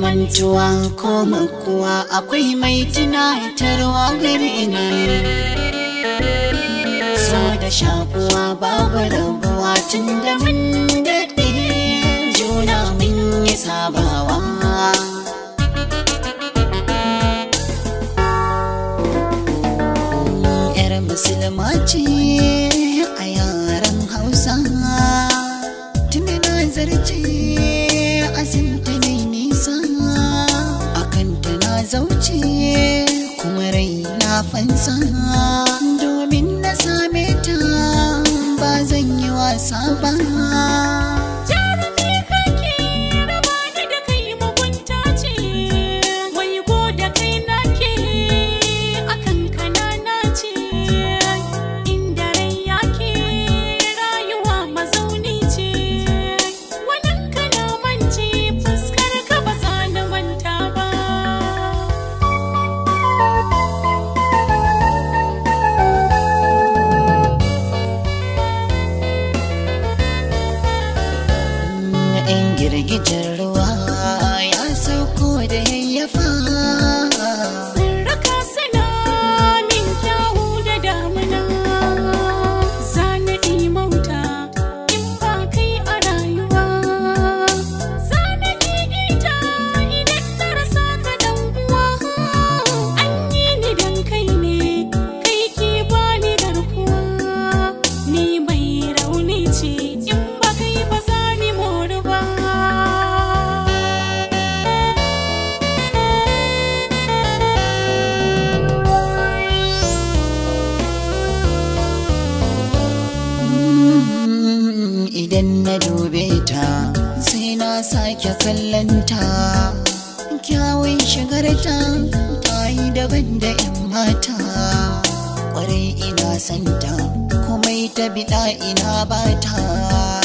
mantuwa ko makuwa akwai mai tunatarwa gari ina so da shakuwa babu rabuwa tun da mun musulma a yaren hausa tuni na zarce asinta ne nisa a kanta na zauce kuma rai na fansa domin na same ta ba zan yi wasa ba you idan na dobe ta sai na sake kallon ta kyawun shigarta ta yi daban da 'yan mata kwarai ina santa kuma ita biɗa ina bata